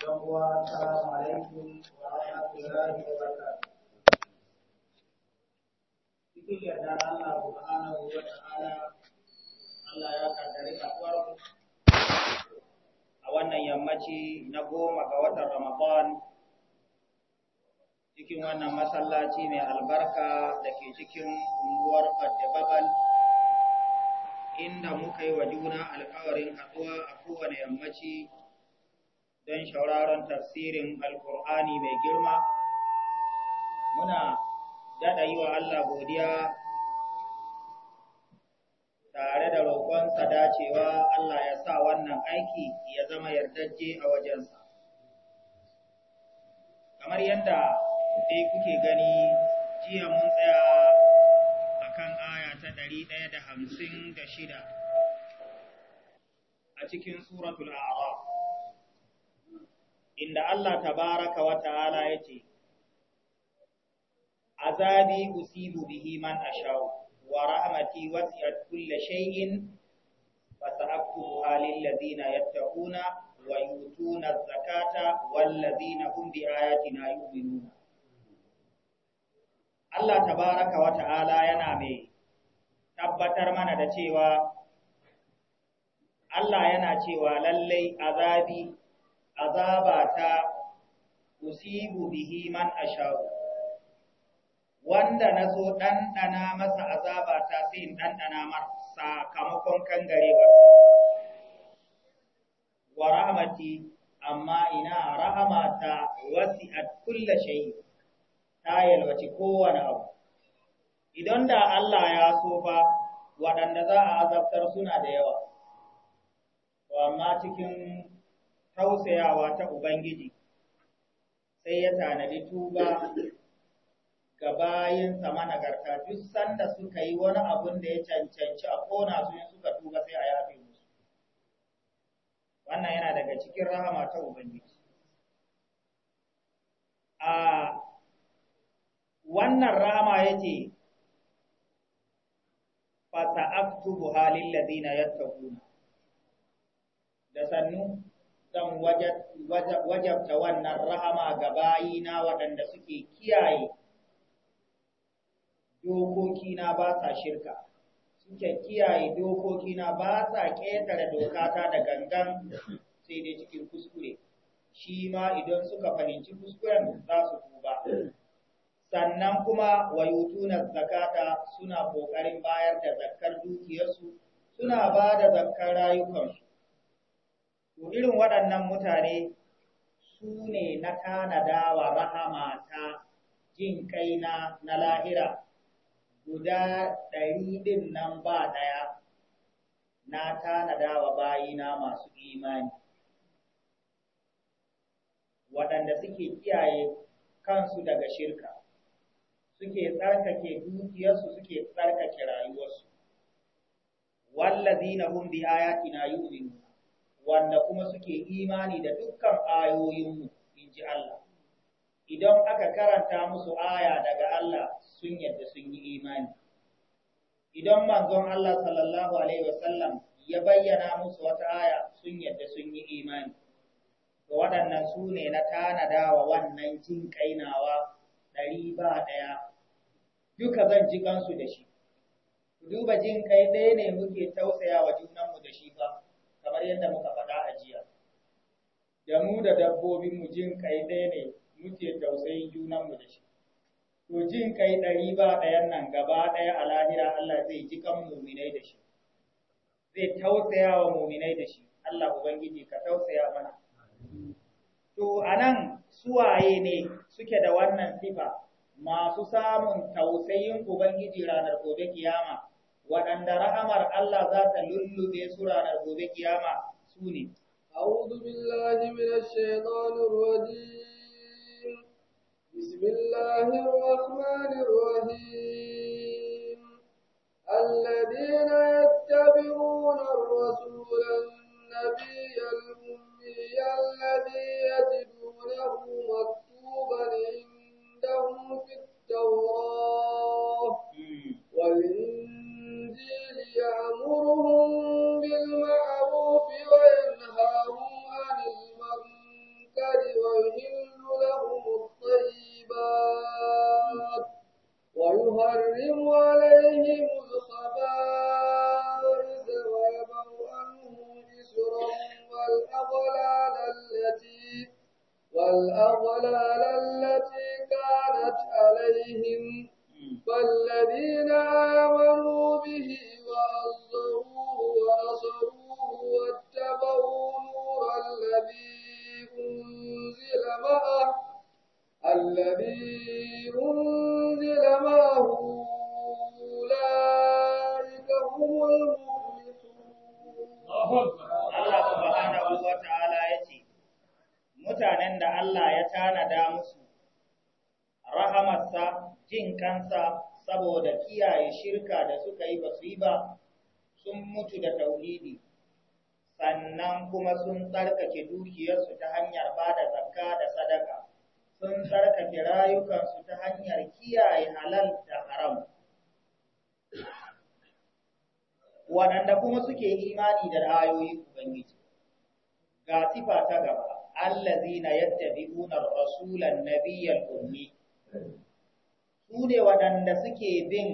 Cikin yarda Allah subhanahu Allah ya a wannan yammaci na goma ga watan Ramadan cikin wannan masallaci mai albarka da ke cikin unguwar Fadda inda muka yi wa juna alkawarin haɗuwa a kowane yammaci don shauraron tafsirin alkur'ani mai girma muna daɗa yi wa Allah godiya tare da roƙonsa dacewa Allah ya sa wannan aiki ya zama yardajje a wajensa kamar yadda dai kuke gani jiya mun tsaya akan aya ta ɗari ɗaya da hamsin da shida a cikin suratul a'raf inda Allah tabaraka wa ta'ala ya ce, Azabi usibu bihi man ashau, wa rahmati wasi'at kulla shay'in فسأكتبها للذين يتقون ويؤتون الزكاة والذين هم بآياتنا يؤمنون Allah tabaraka wa ta'ala yana mai tabbatar mana da cewa Allah yana cewa lallai azabi azaba ta usibu bihi man ashau wanda na nazo ɗanɗana masa azabata ta sai in ɗanɗana mar sakamakon ba wa rahmati amma ina rahamata wasi'at kulla shay ta yalwaci kowane abu idan da Allah ya so fa waɗanda za a azabtar suna da yawa to amma cikin tausayawa ta Ubangiji, sai ya tanadi tuba ga bayinsa managarta duk sanda suka yi wani abun da ya cancanci a kona su in suka tuba sai a yafe musu. Wannan yana daga cikin rahama ta Ubangiji. A wannan rahama yake fata aktubu halin ladina yattaquna da sannu zan wajabta wannan rahama ga bayina waɗanda suke kiyaye dokokina ba sa shirka suke kiyaye dokokina ba sa ƙetare dokata da gangan sai dai cikin kuskure shi ma idan suka fahimci kuskuren za su tuba sannan kuma wayutuna zakata suna ƙoƙarin bayar da zakkar dukiyarsu suna ba da zakkar rayukansu to irin waɗannan mutane su ne na tanadawa rahama ta jin kaina na lahira guda ɗari ɗin nan ba ɗaya na tanadawa bayina masu imani waɗanda suke kiyaye kansu daga shirka suke tsarkake dukiyarsu suke tsarkake rayuwarsu wallazina hum bi ayatina yu'minun wanda kuma suke imani da dukkan ayoyinmu in ji Allah idan aka karanta musu aya daga Allah sun yadda sun yi imani idan manzon Allah sallallahu alaihi wasallam ya bayyana musu wata aya sun yadda sun yi imani to waɗannan su ne na tanadawa wannan jin kainawa ɗari ba ɗaya duka zan ji kansu da shi Ku duba jin kai ɗaya ne muke tausaya wa junanmu da shi ba kamar yadda muka faɗa a jiya da mu da dabbobin mu jin kai ɗaya ne muke tausayin junan mu da shi to jin kai ɗari ba ɗayan nan gaba ɗaya a lahira Allah zai ji kan muminai da shi zai tausaya wa muminai da shi Allah ubangiji ka tausaya mana to anan suwaye ne suke da wannan sifa masu samun tausayin ubangiji ranar gobe kiyama waɗanda rahamar Allah za ta lullube su ranar gobe kiyama su ne. أعوذ بالله من الشيطان الرجيم بسم الله الرحمن الرحيم الذين يتبعون الرسول النبي الأمي الذي يجدونه مكتوبا عندهم في التوراة والإنجيل الإنجيل يأمرهم بالمعروف وينهاهم عن المنكر ويحل لهم الطيبات ويحرم عليهم الخبائث ويضع عنهم إسرهم والأغلال التي والأغلال التي كانت عليهم فالذين آمنوا به وعزروه ونصروه واتبعوا نور الذي أنزل معه الذي أنزل معه أولئك هم المفلحون Allah subhanahu wa ta'ala ya ce, Mutanen da Allah ya tanada musu rahamarsa jin kansa saboda kiyaye shirka da suka yi basu yi ba sun mutu da tauhidi sannan kuma sun tsarkake dukiyarsu ta hanyar ba da zakka da sadaka sun tsarkake rayukansu ta hanyar kiyaye halal da haram waɗanda kuma suke imani da ra'ayoyin ubangiji ga sifa ta gaba allazina yattabi'una ar-rasulan nabiyyal ummi su ne waɗanda suke bin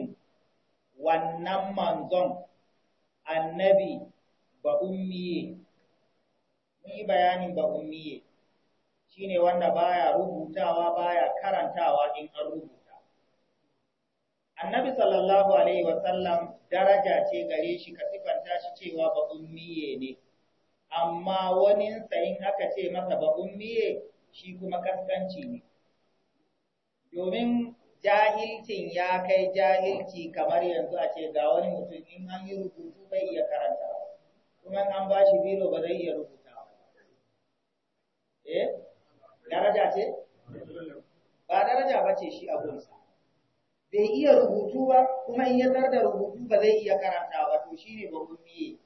wannan manzon annabi ba ummiye ni yi bayanin ba ummiye ne wanda baya rubutawa baya karantawa in an rubuta annabi sallallahu alaihi wasallam daraja ce gare shi ka sifanta shi cewa ba ummiye ne amma wani in aka ce masa ba ummiye shi kuma kaskanci ne domin jahilcin ya kai jahilci kamar yanzu a ce ga wani mutum in an yi rubutu bai iya karanta kuma an ba shi biro ba zai iya rubuta ba eh daraja ce ba daraja ba ce shi gunsa bai iya rubutu ba kuma in ya da rubutu ba zai iya karanta ba to shine ba ummi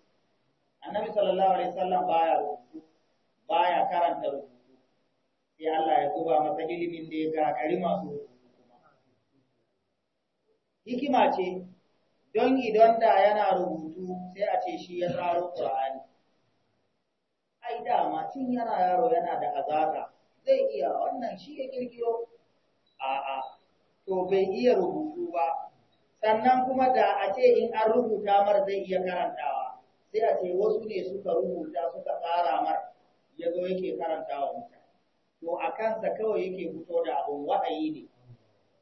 annabi sallallahu alaihi wasallam baya rubutu baya karanta rubutu sai Allah ya zuba masa ilimin da ya gagari masu rubutu hikima ce don idan da yana rubutu sai a ce shi ya tsaro Qur'ani ai dama tun yana yaro yana da azaka zai iya wannan shi ya kirkiro a'a to bai iya rubutu ba sannan kuma da a ce in an rubuta mar zai iya karantawa sai a ce wasu ne suka rubuta suka tsara mar ya zo yake karantawa mutane to a kansa kawai yake fito da abun wa'ayi ne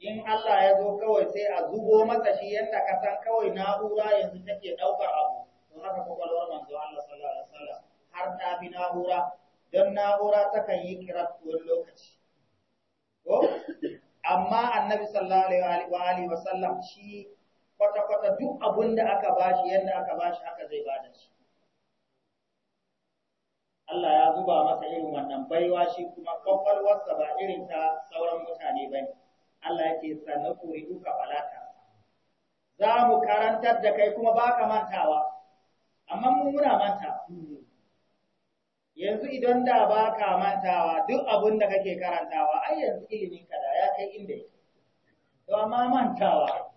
in Allah ya zo kawai sai a zubo masa shi yadda ka san kawai na'ura yanzu take ɗaukar abu don haka kwakwalwar manzo Allah sallallahu alaihi wasallam har ta bi na'ura don na'ura takan yi kirat wani lokaci ko amma annabi sallallahu alaihi wa alihi wasallam shi kwata kwata duk abun da aka bashi yadda aka bashi haka zai bada shi Allah ya zuba masa irin wannan baiwa shi kuma kwakwalwarsa ba irin ta sauran mutane bane Allah ya ce sanakuri duka balata za mu karantar da kai kuma baka mantawa amma mu muna mantawa yanzu idan da baka mantawa duk abin da kake karantawa ai yanzu ilimin ka da ya kai inda yake to amma mantawa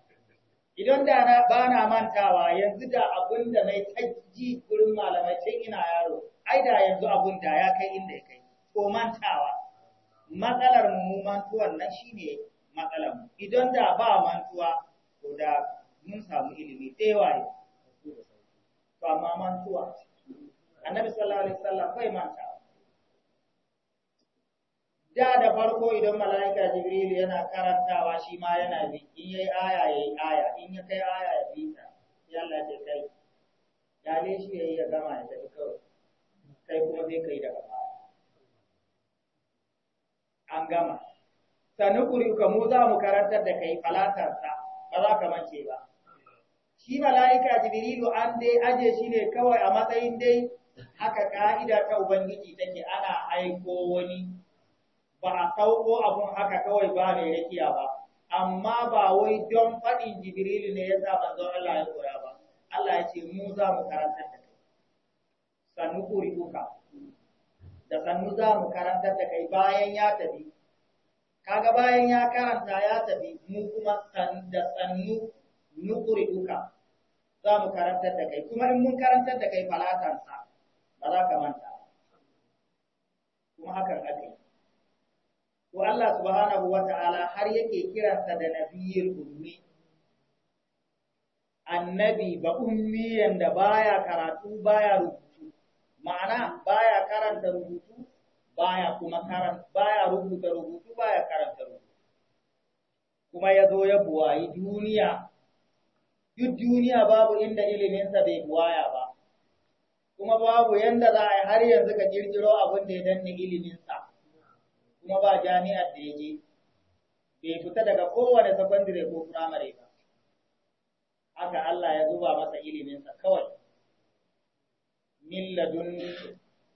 idan da na ba na mantawa yanzu da abin da na tajji gurin malamai tun ina yaro ai da yanzu abin da ya kai inda ya kai to mantawa matsalar mu mantuwan nan shine matsalar idan da ba mantuwa to da mun samu ilimi ne to amma mantuwa annabi sallallahu alaihi wasallam bai manta da da farko idan mala'ika jibril yana karantawa shi ma yana bi in yayi aya yayi aya in ya kai aya ya bi ta sai Allah ya kai ya ne shi yayi ya gama ya tafi kawai kai kuma sai kai daga baya an gama ka mu za mu karantar da kai falatarsa ba za ka mance ba shi mala'ika jibrilu an dai aje shi ne kawai a matsayin dai haka ka'ida ta ubangiji take ana aiko wani ba a sauko abun haka kawai ba mai rakiya ba amma ba wai don faɗin jibrilu ne ya sa manzon Allah ya koya ba Allah ya ce mu za mu karantar da kai da sannu za mu karantar da kai bayan ya tafi kaga bayan ya karanta ya tafi mu kuma da sannu nukuri duka za mu karantar da kai kuma in mun karantar da kai falatansa ba za ka manta kuma hakan ake yi to Allah subhanahu wa ta'ala har yake kiransa da nabiyyul ummi annabi ba ummi da baya karatu baya rubutu ma'ana baya karanta rubutu baya kuma karan baya rubuta rubutu baya karanta rubutu kuma ya zo ya buwayi duniya duk duniya babu inda iliminsa bai buwaya ba kuma babu yanda za a yi har yanzu ka kirkiro abin da ya danne iliminsa kuma ba jami'ar da ya je bai fita daga kowane sakandire ko firamare ba haka Allah ya zuba masa iliminsa kawai milladun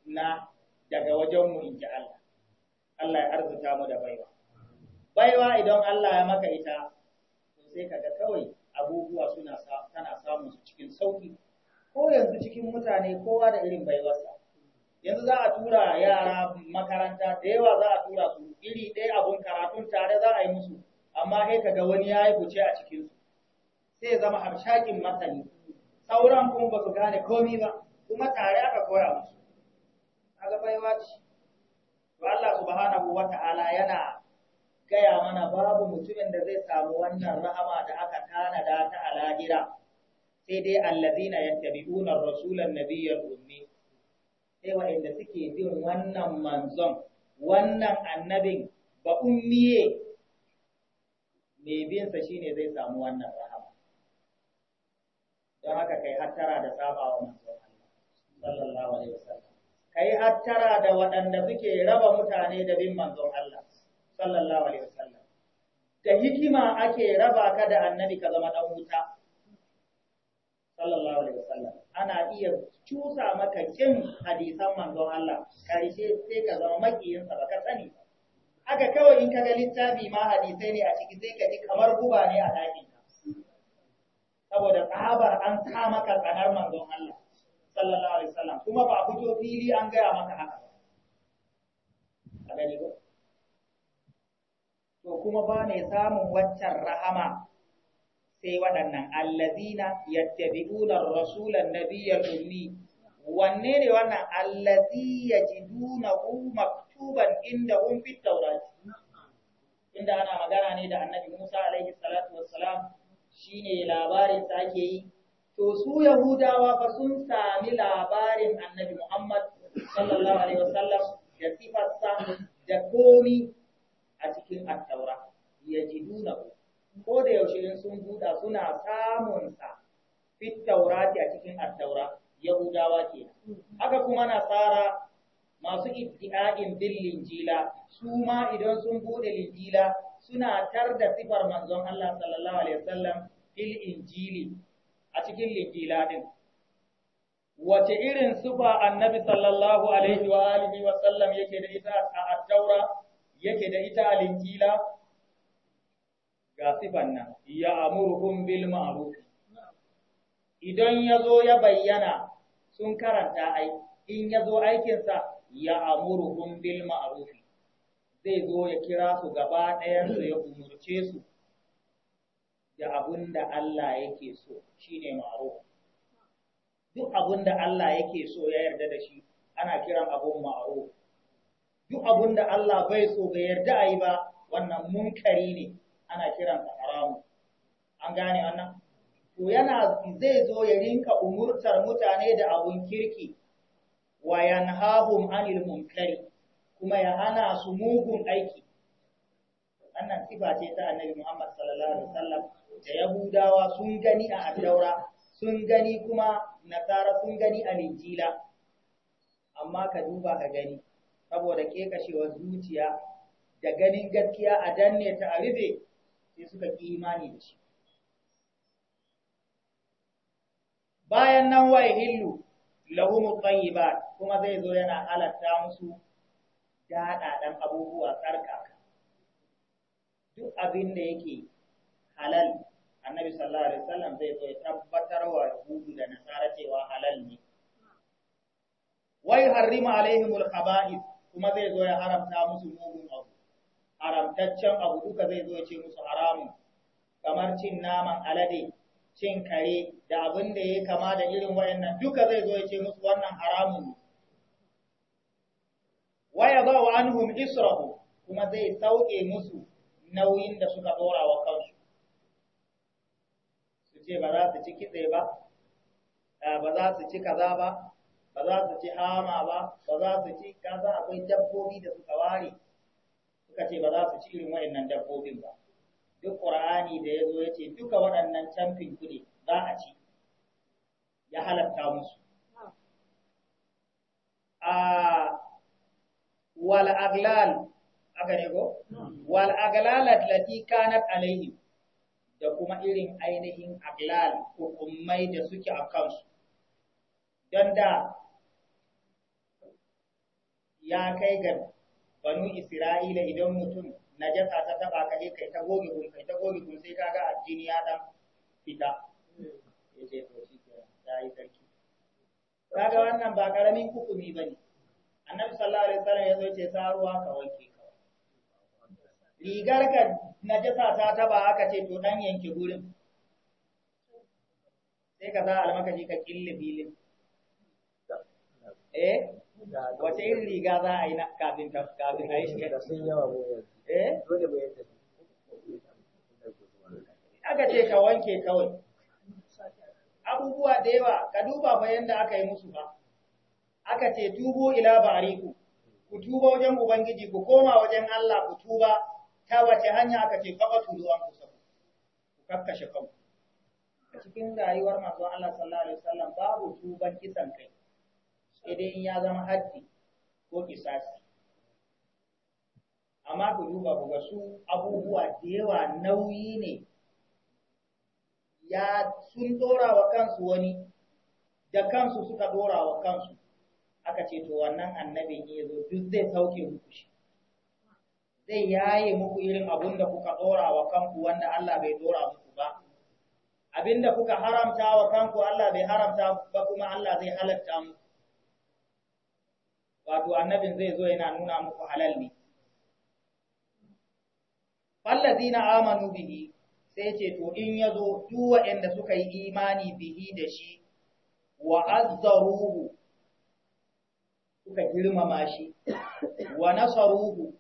na daga wajenmu in ji Allah. Allah ya arzuta mu da baiwa. Baiwa idan Allah ya maka ita, to sai kaga kawai abubuwa suna tana samun su cikin sauki. Ko yanzu cikin mutane kowa da irin baiwarsa. Yanzu za a tura yara makaranta da yawa za a tura su iri ɗaya abun karatun tare za a yi musu, amma sai ga wani ya yi a a cikinsu. Sai zama harshakin masani. Sauran kuma ba su gane komi ba, kuma tare aka koya musu. kaga baiwa ce to Allah subhanahu wata'ala yana gaya mana babu mutumin da zai samu wannan rahama da aka tanada ta alahira sai dai allazina yattabi'una rasulan nabiyyal ummi sai inda suke bin wannan manzon wannan annabin ba ummiye mai binsa shine zai samu wannan rahama don haka kai hattara da sabawa manzon Allah sallallahu alaihi wasallam ka yi hattara da waɗanda suke raba mutane da bin manzon Allah sallallahu alaihi wasallam da hikima ake raba ka da annabi ka zama ɗan wuta sallallahu alaihi wasallam ana iya cusa maka kin hadisan manzon Allah karshe sai ka zama makiyinsa baka sani haka kawai in ka ga littafi ma hadisai ne a ciki sai ka ji kamar guba ne a ɗakin saboda tsabar an sa maka tsanar manzon Allah sallallahu alaihi wasallam kuma ba fito fili an gaya maka haka ba a gani ba to kuma ba mai samun waccan rahama sai waɗannan allazina yattabi'una rasulan nabiyyal ummi wanne ne wannan allazi yajidunahu maktuban inda hum fit tawrat inda ana magana ne da annabi Musa alaihi salatu wassalam shine labarin sa ake yi to su Yahudawa ba sun sami labarin annabi Muhammad sallallahu alaihi wasallam da sifarsa da komi a cikin attaura ya ji nuna ko da yaushe in sun buɗa suna samunsa sa fit taurati a cikin attaura Yahudawa ke haka kuma nasara masu iddi'a'in bin linjila su ma idan sun buɗe linjila suna tar da sifar manzon Allah sallallahu alaihi wasallam fil injili a cikin likila ɗin, wace irin sufa annabi sallallahu alaihi wa alihi wa sallam yake da ita a attaura yake da ita a linjila ga sifan nan ya amurhum bil ma'ruf idan ya zo ya bayyana sun karanta ai in ya zo aikinsa ya amurhum bil ma'ruf zai zo ya kira su gaba ɗayan su ya umurce su da abun da Allah yake so shine ma'ruf duk abun da Allah yake so ya yarda da shi ana kiran abun ma'ruf duk abun da Allah bai so ga yarda a yi ba wannan munkari ne ana kiran sa haramu an gane wannan to yana zai zo ya rinka umurtar mutane da abun kirki wa yanhahum anil munkari kuma ya hana su mugun aiki wannan sifa ce ta annabi Muhammad sallallahu alaihi wasallam da Yahudawa sun gani a Attaura, sun gani kuma Nasara sun gani a Linjila. Amma ka duba ka gani, saboda kekashewar zuciya da ganin gaskiya a danne ta a rufe, sai suka ƙi imani da shi. Bayan nan wa hillu lahumu ba kuma zai zo yana halatta musu daɗaɗan abubuwa tsarkaka. Duk abin da yake halal annabi sallallahu alaihi wasallam zai zo ya tabbatar wa yahudu da nasara cewa halal ne wai harima alaihimul khaba'is kuma zai zo ya haramta musu mugun abu haramtaccen abu duka zai zo ya ce musu haramun kamar cin naman alade cin kare da abin da ya kama da irin wayannan duka zai zo ya ce musu wannan haramun ne waya ba wa anhum israhu kuma zai sauke musu nauyin da suka dora wa kansu ce ba za su ci kitse ba eh, ba za su ci kaza ba ba za su ci hama ba ba za su ci kaza akwai dabbobi da suka ware suka ce ba za su ci irin waɗannan dabbobin ba duk qur'ani da ya zo ya ce duka waɗannan camfin kuɗi za a ci ya halatta musu a wal aglal aka ne ko wal aglal allati kanat alaihim da kuma irin ainihin aglal hukumai da suke a kansu. Don da ya kai ga banu Isra'ila idan mutum na jasa ta taba ka kai ta goge gun kai ta goge gun sai kaga addini ya dan fita. Ya ce to shi ya yi sarki. Kaga wannan ba karamin hukumi bane. Annabi sallallahu alaihi wasallam ya zo ce saruwa ka wanke rigar ka najasa ta taba aka ce to dan yanke gurin sai ka za almakashi ka kille filin eh wace irin riga za a yi na kafin kafin a yi shi da sun yawa eh dole bai yadda aka ce ka wanke kawai abubuwa da yawa ka duba fa yanda aka yi musu ba aka ce tubo ila bariku ku tuba wajen ubangiji ku koma wajen Allah ku tuba ta wace hanya aka ce kafa tulu ruwan kusa ku kakkashe kanku a cikin rayuwar manzo Allah sallallahu alaihi wasallam babu tuban kisan kai sai dai in ya zama haddi ko kisasi amma ku duba ku ga su abubuwa da yawa nauyi ne ya sun dora wa kansu wani da kansu suka dora wa kansu aka ce to wannan annabin ya zo duk zai sauke muku shi zai yaye muku irin abun da kuka dora wa kanku wanda Allah bai dora muku ba abinda kuka haramta wa kanku Allah bai haramta ba kuma Allah zai halatta muku wato annabin zai zo yana nuna muku halal ne fallazina amanu bihi sai ce to in yazo duk waɗanda suka yi imani bihi da shi wa azzaruhu suka girmama shi wa nasaruhu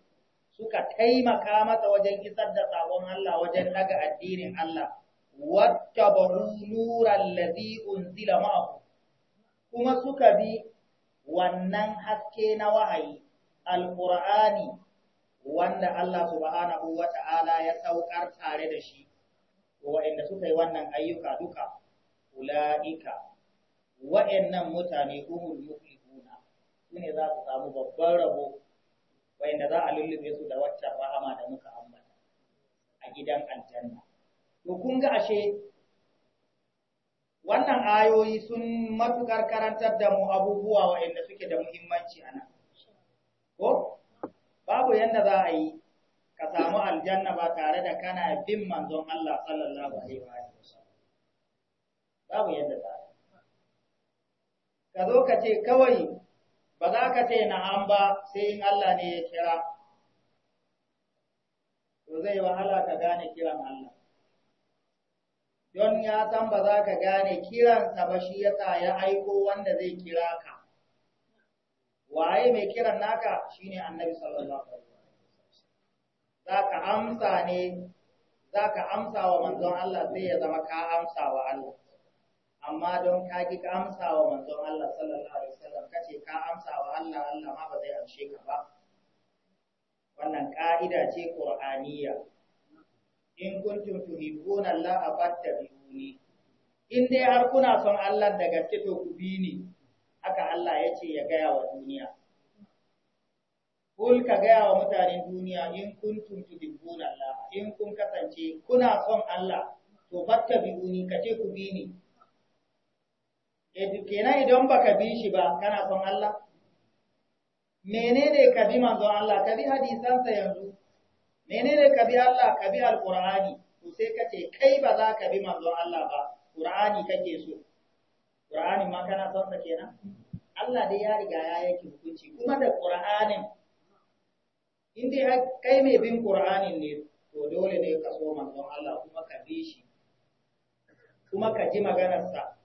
suka taimaka masa wajen isar da sabon Allah wajen ɗaga addinin Allah wattabaru nuran ladhi unzila ma'ahu kuma suka bi wannan haske na wahayi alqur'ani wanda Allah subhanahu wata'ala ya saukar tare da shi wa'anda suka yi wannan ayyuka duka ula'ika wa'yannan mutane humul su sune za su samu babban rabo wanda za a lullube su da wacce rahama da muka ambata a gidan aljanna to kun ga ashe wannan ayoyi sun matukar karantar da mu abubuwa wayanda suke da muhimmanci a nan. ko babu yanda za a yi ka samu aljanna ba tare da kana bin manzon Allah sallallahu alaihi wa sallam babu yanda za a yi. ka zo ka ce kawai ba za ka ce na'am ba sai in Allah ne ya kira to zai wahala ka gane kiran Allah don ya san ba za ka gane kiransa ba shi ya yasa ya aiko wanda zai kira ka waye mai kiran naka shine annabi sallallahu alaihi za ka amsa ne za ka amsa wa manzon Allah sai ya zama ka amsa wa Allah amma don ka ki ka amsa wa manzon Allah sallallahu alaihi wasallam kace ka amsa wa Allah Allah ma ba zai amshe ka ba wannan ka'ida ce qur'aniya in kuntum tuhibuna Allah fattabi'uni in dai har kuna son Allah da gaske to ku bi ni haka Allah ya ce ya gaya wa duniya Kul ka gaya wa mutanen duniya in kuntum tuhibuna Allah in kun kasance kuna son Allah to fattabi'uni kace ku bi ni Eh, kenan idan baka bi shi ba kana son Allah menene ka bi manzon Allah ka bi hadisansa yanzu menene ka bi Allah ka bi alqur'ani to sai ka ce kai ba za ka bi manzon Allah ba qur'ani kake so qur'ani ma kana son sa kenan Allah dai ya riga ya yake hukunci kuma da qur'anin in dai kai mai bin qur'anin ne to dole ne ka so manzon Allah kuma ka bi shi kuma ka ji maganarsa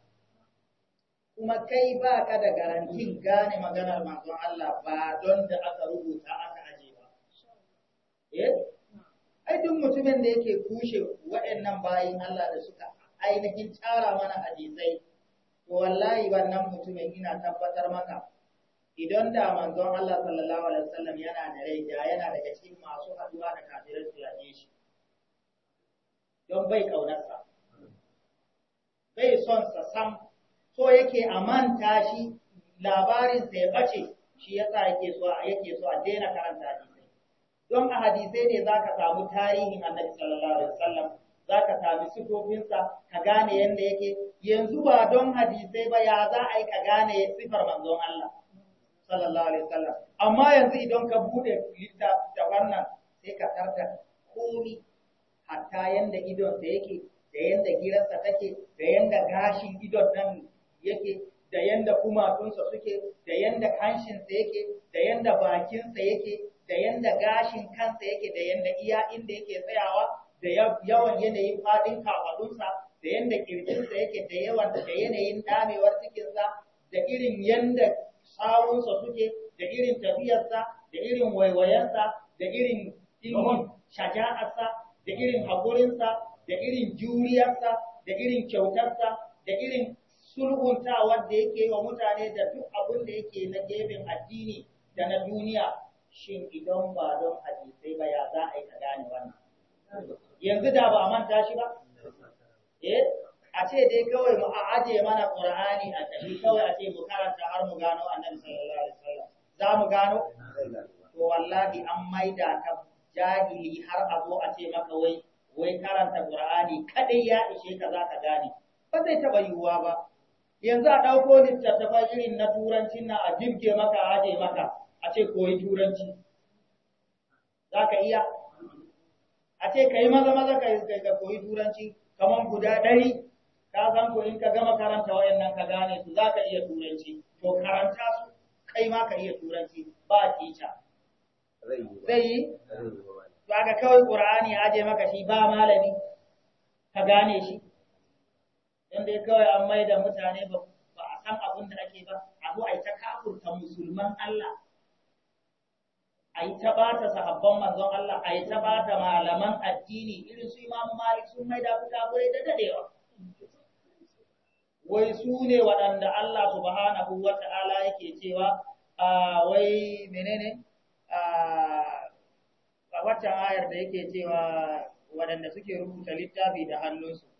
kuma kai ba ka da garantin gane maganar manzon Allah ba don da aka rubuta aka aje ba. Eh? Ai duk mutumin da yake kushe waɗannan bayin Allah da suka ainihin tsara mana hadisai, to wallahi wannan mutumin ina tabbatar maka idan da manzon Allah sallallahu alaihi wasallam yana da rai da yana daga cikin masu haduwa da kafirai su yaje shi. Don bai kaunarsa. Bai son sa sam so yake a manta shi labarin sai bace shi yasa yake so yake so a daina karanta hadisi don a hadisai ne zaka samu tarihin Annabi sallallahu alaihi wasallam zaka sami sifofinsa ka gane yanda yake yanzu ba don hadisai ba ya za a yi ka gane sifar manzon Allah sallallahu alaihi wasallam amma yanzu idan ka bude littafin nan sai ka tarda komi hatta yanda idon sa yake da yanda girarsa take da yanda gashin idon nan yake da yanda kumatunsa suke da yanda sa yake da yanda bakinsa yake da yanda gashin kansa yake da yanda iya inda yake tsayawa da yawan yanayin faɗin kafaɗunsa da yanda kirjinsa yake da yawan da yanayin damewar cikinsa da irin yanda sawunsa suke da irin tafiyarsa da irin waiwayensa da irin ilmin shaja'arsa da irin haƙurinsa da irin juriyarsa da irin kyautarsa da irin sulhunta da yake wa mutane da duk abin da yake na gefen addini da na duniya shin idan ba don hadisai ba ya za a yi ka gane wannan yanzu da ba a manta shi ba eh a ce dai kawai mu aje mana qur'ani a tafi kawai a ce mu karanta har mu gano annabi sallallahu alaihi wasallam za mu gano to wallahi an maida ta jahili har abu a ce maka wai wai karanta qur'ani kadai ya ishe ka za ka gane ba zai taɓa yiwuwa ba yanzu a ɗauko littattafai irin na turanci na a jirge maka a aje maka a ce koyi turanci za ka iya a ce ka yi maza maza ka koyi turanci kamar guda ɗari ka san ko in ka gama karanta wayannan ka gane su za ka iya turanci to karanta su kai ma ka iya turanci ba tica zai yi to aka kawai ƙur'ani aje maka shi ba malami ka gane shi dan dai kawai an maida mutane ba a san abin da ake ba a zo a yi ta kafurta musulman Allah a yi ta sahabban manzon Allah a yi ta malaman addini irin su Imam Malik sun maida ku kafirai da dadewa wai su ne waɗanda Allah subhanahu wa ta'ala yake cewa ah, wai menene ah, a wata ayar da yake cewa waɗanda suke rubuta littafi da hannunsu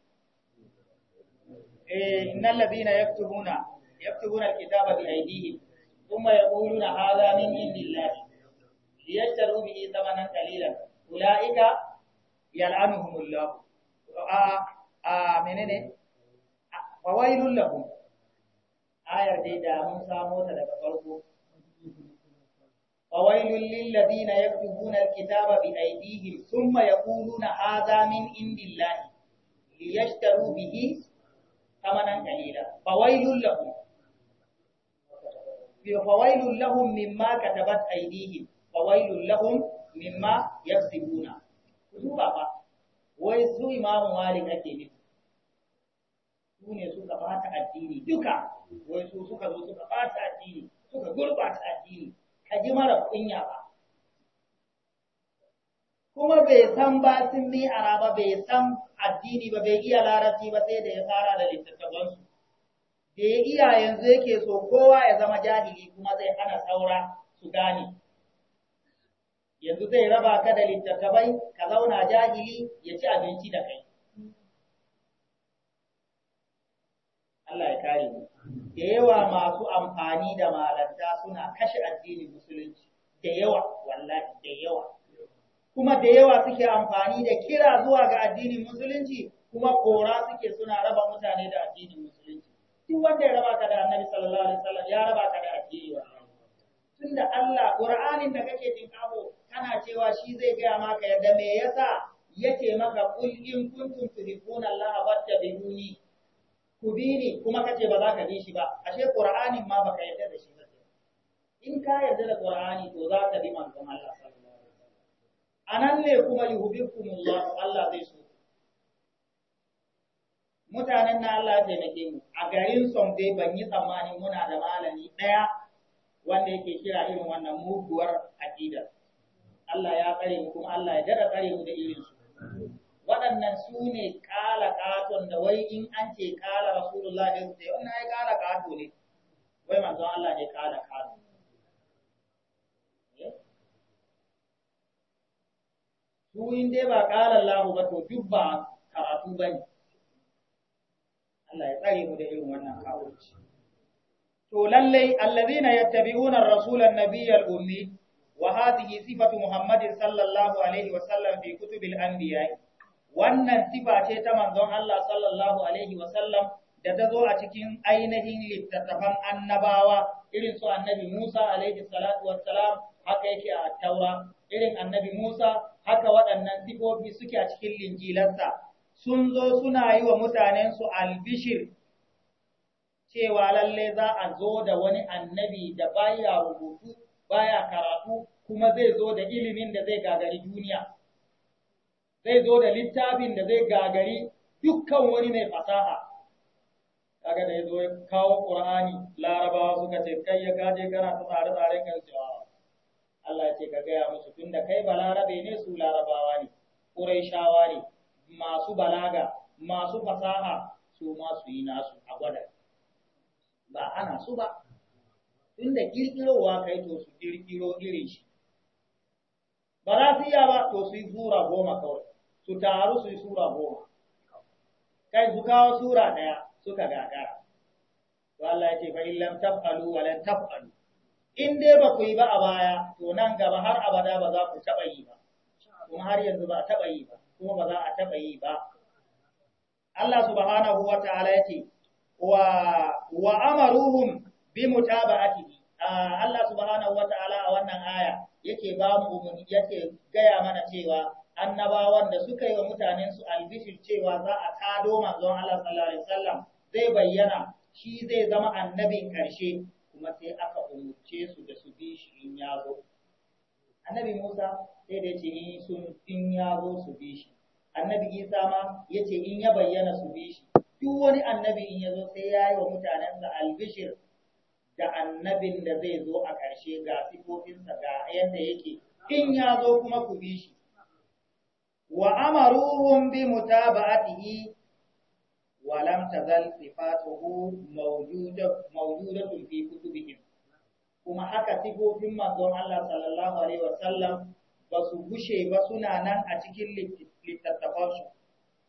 إن الذين يكتبون يكتبون الكتاب بأيديهم ثم يقولون هذا من عند الله ليشتروا به ثمنا قليلا أولئك يلعنهم الله آمنين فويل لهم آية جديدة موسى موسى لك فويل للذين يكتبون الكتاب بأيديهم ثم يقولون هذا من عند الله ليشتروا به tamanan kalila fawailul lahum bi fawailul lahum mimma katabat aydihim fawailul lahum mimma yaksibuna ku baba wai su imamu malik ake ne su ne suka bata addini duka wai su suka zo suka bata addini suka gurbata addini kaji mara kunya ba kuma bai san ba sun mi araba bai san addini ba bai iya larabci ba sai da ya fara da littattafansu da ya iya yanzu yake so kowa ya zama jahili kuma zai hana saura su gane yanzu zai raba ka da littattafai ka zauna jahili ya ci abinci da kai Allah ya kare mu da yawa masu amfani da malanta suna kashe addinin musulunci da yawa wallahi da yawa kuma da yawa suke amfani da kira zuwa ga addinin musulunci kuma kora suke suna raba mutane da addinin musulunci duk wanda ya raba ka da annabi sallallahu alaihi wasallam ya raba ka da addini tunda Allah Qur'anin da kake jin kabo kana cewa shi zai gaya maka yadda me yasa yace maka kul in kuntum tuhibbuna Allah fattabi'uni ku bi kuma kace ba za ka bi shi ba ashe Qur'anin ma baka yarda da shi ba in ka yarda da Qur'ani to za ka bi manzon Allah a nan ne kuma yuhibbukumullah Allah zai so mutanen na Allah zai taimake mu a garin son dai ban yi tsammanin muna da malami ɗaya wanda yake kira irin wannan muguwar aqida Allah ya tsare mu kuma Allah ya dada tsare mu da irin su waɗannan su ne kala katon da wai in an ce kala rasulullah sai wannan ai kala kato ne wai manzon Allah ne kala kato su in dai ba ƙala lahu ba to duk ba karatu ba ne Allah ya tsare mu da irin wannan kawurci to lallai allazina yattabi'una ar-rasula an-nabiyya al-ummi wa hadhihi sifatu muhammadin sallallahu alaihi wa sallam fi kutubil anbiya wannan sifa ce ta manzon Allah sallallahu alaihi wa sallam da ta zo a cikin ainihin littattafan annabawa irin su annabi Musa alaihi salatu wassalam haka yake a taura irin annabi Musa haka waɗannan sifofi suke a cikin linjilarsa sun zo suna yi wa mutanensu albishir cewa lalle za a zo da wani annabi da baya rubutu baya karatu kuma zai zo da ilimin da zai gagari duniya zai zo da littafin da zai gagari dukkan wani mai fasaha kaga da ya zo kawo ƙur'ani larabawa suka ce kai ya gaje kana ta tsare-tsaren kan cewa Allah ya ce ka gaya musu tunda kai balarabe ne su larabawa ne ƙuraishawa ne masu balaga masu fasaha su ma su yi nasu a gwada ba ana su ba tunda kirkirowa kai to su kirkiro irin shi ba za su iya ba to su yi sura goma kawai su taru su yi sura goma kai su kawo sura ɗaya suka gagara to Allah ya ce fa in taf'alu wa lan taf'alu in dai ba ku yi ba a baya to nan gaba har abada ba za ku taɓa yi ba kuma har yanzu ba a taɓa yi ba kuma ba za a taɓa yi ba Allah subhanahu wa ta'ala yake wa wa amaruhum bi mutaba'atihi Allah subhanahu wa ta'ala a wannan aya yake ba mu yake gaya mana cewa annabawan da suka yi wa mutanen su albishir cewa za a kado manzon Allah sallallahu alaihi wasallam zai bayyana shi zai zama annabin ƙarshe kuma sai aka umurce su da su bi shi in ya zo annabi Musa sai da yace in sun in ya zo su bi shi annabi Isa ma yace in ya bayyana su bi shi duk wani annabi in ya zo sai ya yi wa mutanensa albishir da annabin da zai zo a ƙarshe ga sifofinsa ga yadda yake in ya zo kuma ku bi shi wa amaruhum bi mutaba'atihi ولم تزل صفاته موجودة موجودة في كتبهم كما حكى صفوف ما دون الله صلى الله basu gushe ba suna nan a cikin littattafansu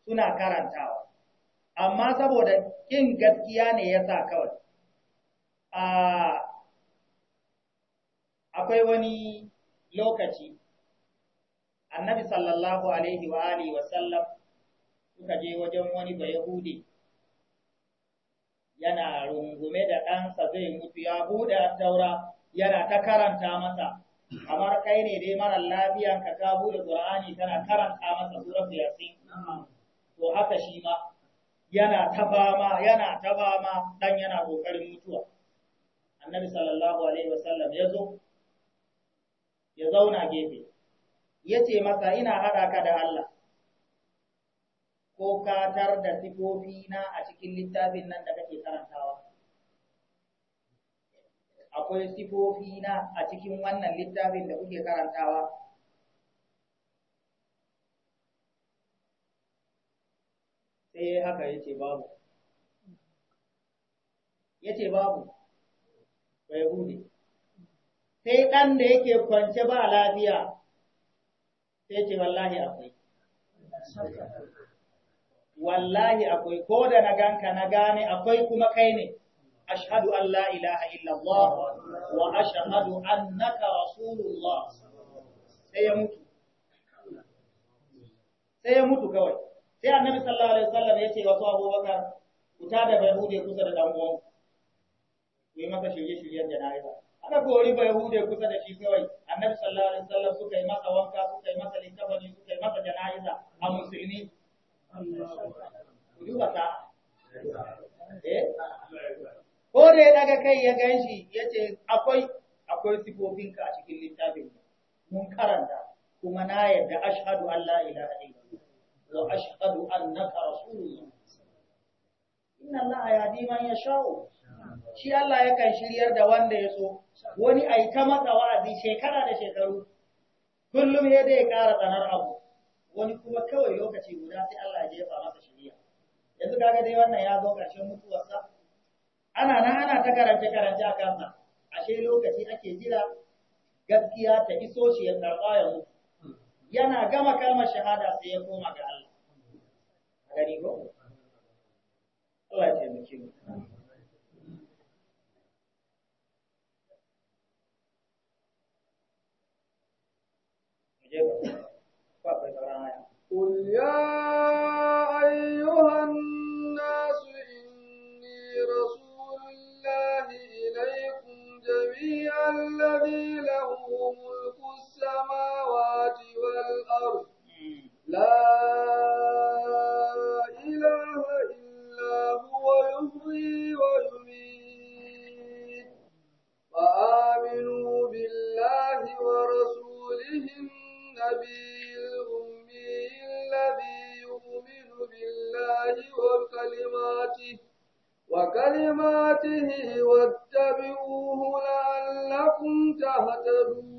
suna karantawa amma saboda kin gaskiya ne yasa kawai akwai wani lokaci annabi sallallahu alaihi wa alihi wa sallam suka je wajen wani ba Yahudi yana rungume da ɗansa zai mutu ya buɗe taura yana ta karanta masa kamar kai ne dai mara lafiyan ka ta buɗe Qur'ani tana karanta masa suratul Yasin to haka shi ma yana ta ma. yana ta dan yana kokarin mutuwa Annabi sallallahu alaihi wasallam ya zo ya zauna gefe yace masa ina hada ka da Allah ko katar da sifofina a cikin littafin nan da kake karantawa akwai sifofina a cikin wannan littafin da kuke karantawa sai haka yace babu yace babu bai hude sai ɗan da yake kwance ba lafiya sai ce wallahi akwai wallahi akwai ko da na ganka na gane akwai kuma kai ne ashhadu an la ilaha illallah wa ashhadu annaka rasulullah sai ya mutu sai ya mutu kawai sai annabi sallallahu alaihi wasallam ya ce wa su abubakar kuta da bai hude kusa da dan uwan ku yi masa shirye shiryen jana'iza aka kori bai hude kusa da shi kawai annabi sallallahu alaihi wasallam suka yi masa wanka suka yi masa likafani suka yi masa jana'iza a musulmi Ko da ya daga kai ya gan shi ya ce akwai akwai sifofinka a cikin littafin mun karanta kuma na yadda ashadu an la a illallah wa ashhadu annaka rasulullah inna allaha yahdi ya yasha'u shi Allah ya kan shiryar da wanda ya so wani ai ta masa wa'azi shekara da shekaru kullum ya dai kara tsanar abu wani kuma kawai lokaci guda sai Allah ya jefa masa shari'a yanzu kaga dai wannan ya zo karshen mutuwarsa ana nan ana ta karanta-karanta a kansa ashe lokaci ake jira gaskiya ta iso shi ya karba ya mutu yana gama kalmar shahada sai ya koma ga Allah gani ko Allah ya taimake mu Yeah. قل يا أيها الناس إني رسول الله إليكم جميعا الذي له ملك السماوات والأرض لا إله إلا هو يحيي ويميت فآمنوا بالله ورسوله النبي الأمي الذي يؤمن بالله وكلماته وكلماته واتبعوه لعلكم تهتدون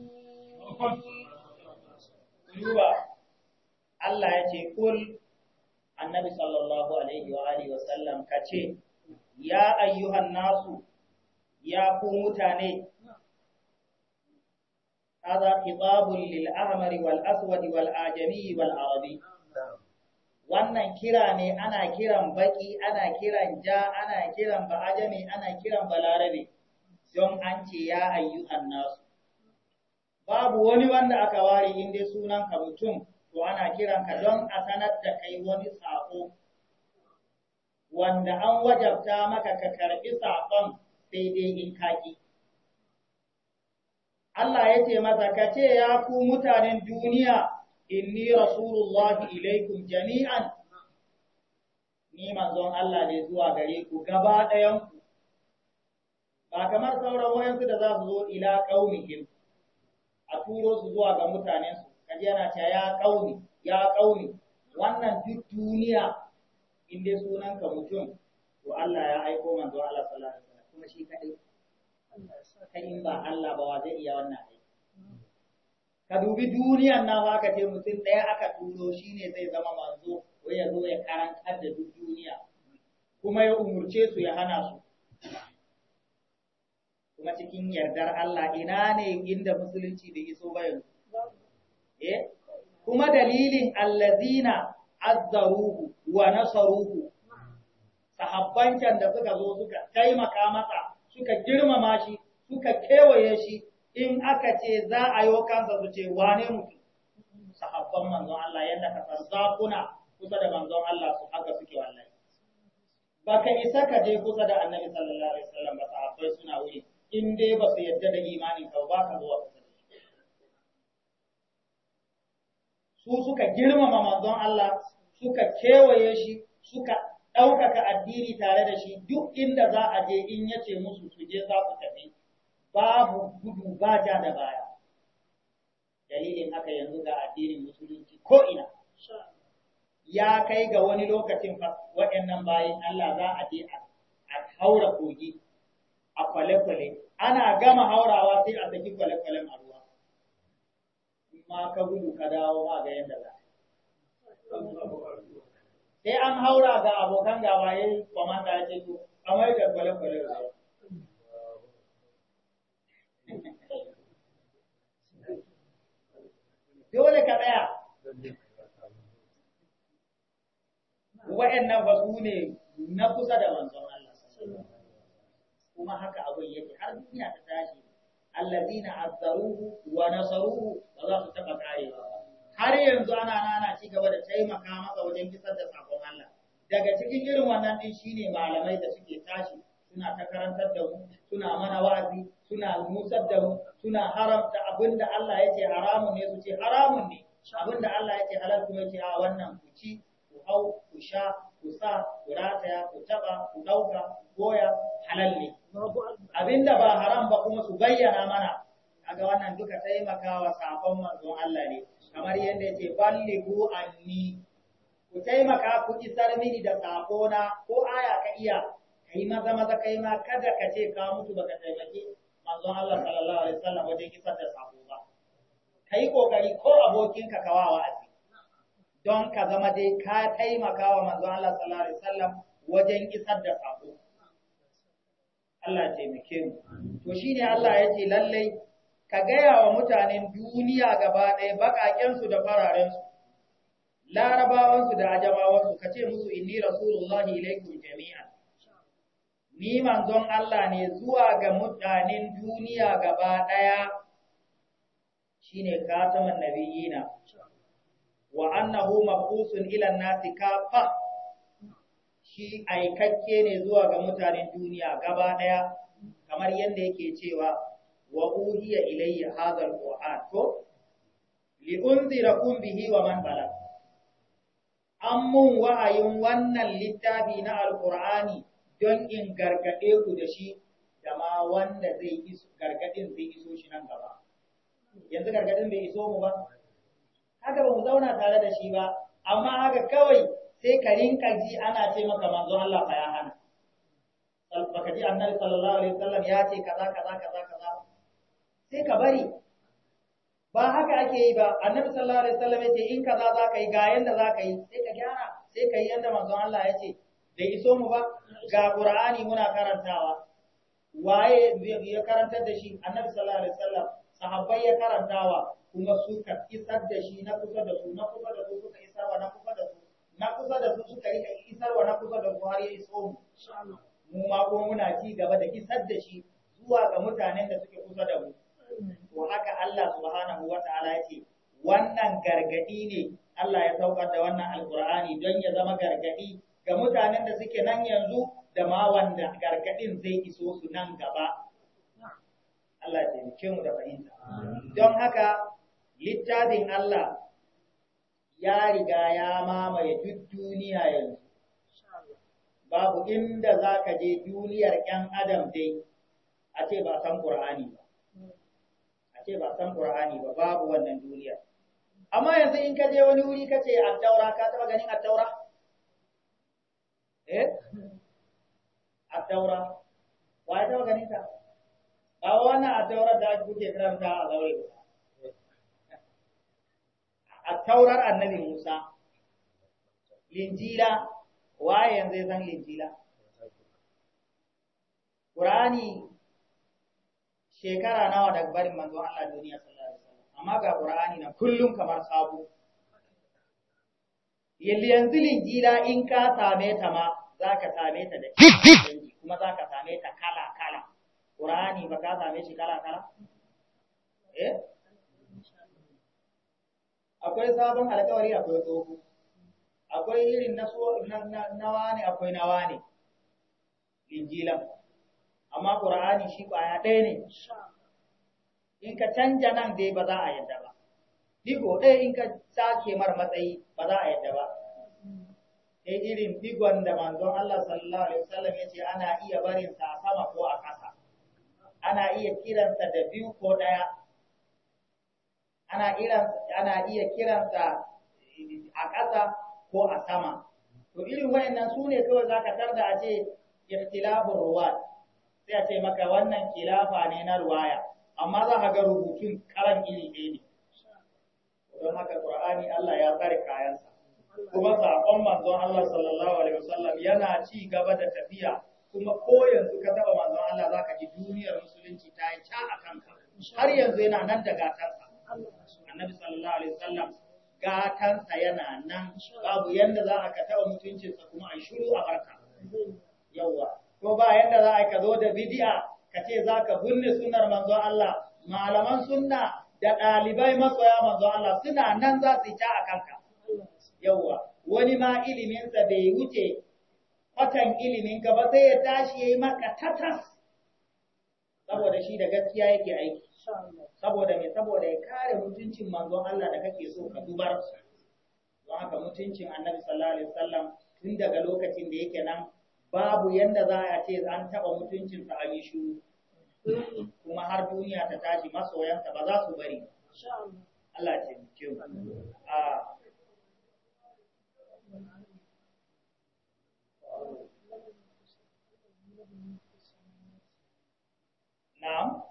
Allah ya ce kul annabi sallallahu alaihi wa alihi wa sallam ya ayyuhan nasu ya ku mutane هذا خطاب للأعمر والأسود والأعجمي والعربي wannan kira ne ana kiran baki ana kiran ja ana kiran ba'ajami ana kiran balarabe don an ce ya ayyukan nasu babu wani wanda aka ware inda sunan ka mutum to ana kiran ka don a sanar da kai wani sako wanda an wajabta maka ka karbi sakon sai dai in kaki Allah ya ce masa ka ce ya ku mutanen duniya inni rasulullahi ilaikum jami'an ni manzon Allah ne zuwa gare ku gaba ɗayan ku ba kamar sauran wayansu da za su zo ila qaumihim a turo su zuwa ga mutanensu kaji yana cewa ya ƙauni ya ƙauni wannan duk duniya in dai sunanka mutum to Allah ya aiko manzon Allah sallallahu alaihi wasallam kuma shi kadai ta in ba Allah ba ka dubi duniyan nan haka ce mutum ɗaya aka turo shi ne zai zama manzo wai ya zo ya karantar da duk duniya kuma ya umurce su ya hana su kuma cikin yardar Allah ina ne inda musulunci da iso ba yanzu eh? kuma dalilin allazina azzaruhu wa nasaruhu sahabban da suka zo suka taimaka masa suka girmama shi suka kewaye shi in aka ce za a yi kansa su ce wane mutum sahabban manzon Allah yadda ka san zakuna kusa da manzon Allah su haka suke wallahi baka isa ka je kusa da annabi sallallahu alaihi wasallam ba sahabbai suna wuri in dai ba su yadda da imanin ka ba ka zuwa kusa su suka girmama manzon Allah suka kewaye shi suka ɗaukaka addini tare da shi duk inda za a je in ya ce musu su je za su tafi babu gudu ba ja da baya dalilin haka yanzu ga addinin musulunci ko ina ya kai ga wani lokacin fa waɗannan bayan Allah za a je a haura kogi a kwale-kwale ana gama haurawa sai a saki kwale-kwalen a ruwa ma ka gudu ka dawo ma ga yadda za sai an haura ga abokan gaba yin yi ya ce an wai da kwale-kwale da Dole ka tsaya. nan ba su ne na kusa da manzon Allah. Kuma haka abin yake har duniya ta tashi. Allazina azzaruhu wa nasaruhu ba za su taɓa karewa ba. har yanzu ana nana ci gaba da taimaka masa wajen kisar da sakon Allah daga cikin irin wannan din shine malamai da suke tashi suna ta karantar da mu suna mana wa'azi suna musar da mu suna haramta abinda Allah yake haramun ne su ce haramun ne abinda Allah yake halal kuma yake a wannan ku ci ku hau ku sha ku sa ku rataya ku taba ku dauka goya halal ne abinda ba haram ba kuma su bayyana mana kaga wannan duka taimakawa sakon manzon Allah ne kamar yadda yake ballighu anni ku taimaka ku isar mini da sakona ko aya ka iya kai maza maza kai ma kada ka ce ka mutu baka taimaki manzon Allah sallallahu alaihi wasallam wajen isar da sako ba kai kokari ko abokinka ka wawa azi don ka zama dai ka taimaka wa manzon Allah sallallahu alaihi wasallam wajen isar da sako Allah taimake mu to shine Allah ya ce lallai ka gaya wa mutanen duniya gaba ɗaya baƙaƙensu da fararensu, larabawansu da ajamawansu ka ce musu inni rasulullahi ilaikum jami'a. Ni manzon Allah ne zuwa ga mutanen duniya gaba ɗaya shine kataman nabiyina, wa annahu mabusun ilan nasi kafa shi aikakke ne zuwa ga mutanen duniya gaba ɗaya kamar yadda yake cewa wa uhiya ilayya hadha alquran to li unzirakum bihi wa man balag an mun wa'ayin wannan littafi na al alqur'ani don in gargade ku da shi da ma wanda zai iso gargadin zai iso shi nan gaba yanzu gargadin bai iso mu ba haka ba mu zauna tare da shi ba amma haka kawai sai ka rinka ji ana ce maka manzo Allah fa ya hana baka ji annabi sallallahu alaihi wasallam ya ce kaza kaza kaza sai ka bari ba haka ake yi ba annabi sallallahu alaihi wasallam yace in kaza za ka yi ga yanda za ka yi sai ka gyara sai ka yi yanda manzon Allah ya ce bai iso mu ba ga qur'ani muna karantawa waye ya karantar da shi annabi sallallahu alaihi wasallam sahabbai ya karantawa kuma suka isar da shi na kusa da su na kusa da su suka isar wa na kusa da su na kusa da su suka rika isar wa na kusa da su har ya iso mu mu ma kuma muna ci gaba da isar da shi zuwa ga mutanen da suke kusa da mu To haka Allah subhanahu wa ta'ala ce, wannan gargadi ne Allah ya saukar da wannan alkur'ani don ya zama gargadi ga mutanen da suke nan yanzu da ma wanda gargadin zai iso su nan gaba. Allah ya taimake mu da fahimta. Don haka littafin Allah ya riga ya mamaye duk duniya yanzu. Babu inda za ka je duniyar ‘yan Adam dai a ce ba san Qur'ani ba. ce ba san Qur'ani ba babu wannan duniya amma yanzu in ka je wani wuri ka ce attaura ka taba ganin addaura? eh Addaura. wa ya taba ganin ta ba wannan addaura da kuke karanta a zaure ba attaurar annabi Musa linjila wa yanzu ya san linjila Qur'ani shekara nawa daga barin manzo Allah duniya sallallahu alaihi wasallam amma ga Qur'ani na kullum kamar sabo yalli yanzu linjila in ka same ta ma zaka same ta da kuma zaka same ta kala kala Qur'ani ba ka same shi kala kala eh akwai sabon alƙawari akwai tsoho akwai irin na nawa ne akwai nawa ne linjilan amma Qur'ani shi ya ɗaya ne in ka canja nan dai ba za a yadda ba digo ɗaya in ka sake mar matsayi ba za a yadda ba sai irin digon da manzon Allah sallallahu alaihi wasallam yace ana iya barin sa sama ko a ƙasa ana iya kiransa da biyu ko ɗaya ana ana iya kiransa a ƙasa ko a sama to irin wayannan su ne kawai zaka tarda a ce ikhtilafur ruwat sai a ce maka wannan kilafa ne na ruwaya amma za a ga rubutun karan iri ne don haka Qur'ani Allah ya tsare kayansa kuma saƙon manzon Allah sallallahu alaihi wasallam yana ci gaba da tafiya kuma ko yanzu ka taɓa manzon Allah zaka ji duniyar musulunci ta yi ca a kanka har yanzu yana nan da gatansa annabi sallallahu alaihi wasallam gatansa yana nan babu yadda za a ka taɓa mutuncinsa kuma a shiru a barka yawwa ko ba yadda za a ka zo da bidi'a ka ce za ka binne sunar manzon Allah malaman sunna da ɗalibai masoya manzon Allah suna nan za su ta a kanka yawwa wani ma iliminsa bai wuce kwatan ilimin ka ba sai ya tashi ya yi maka tatas saboda shi da gaskiya yake aiki saboda me saboda ya kare mutuncin manzon Allah da kake so ka dubar don haka mutuncin annabi sallallahu alaihi wasallam tun daga lokacin da yake nan babu yanda za a ce an taɓa mutuncinsa a yi kuma har duniya ta tashi masoyansa ba za su bari Allah ce kyau a na'am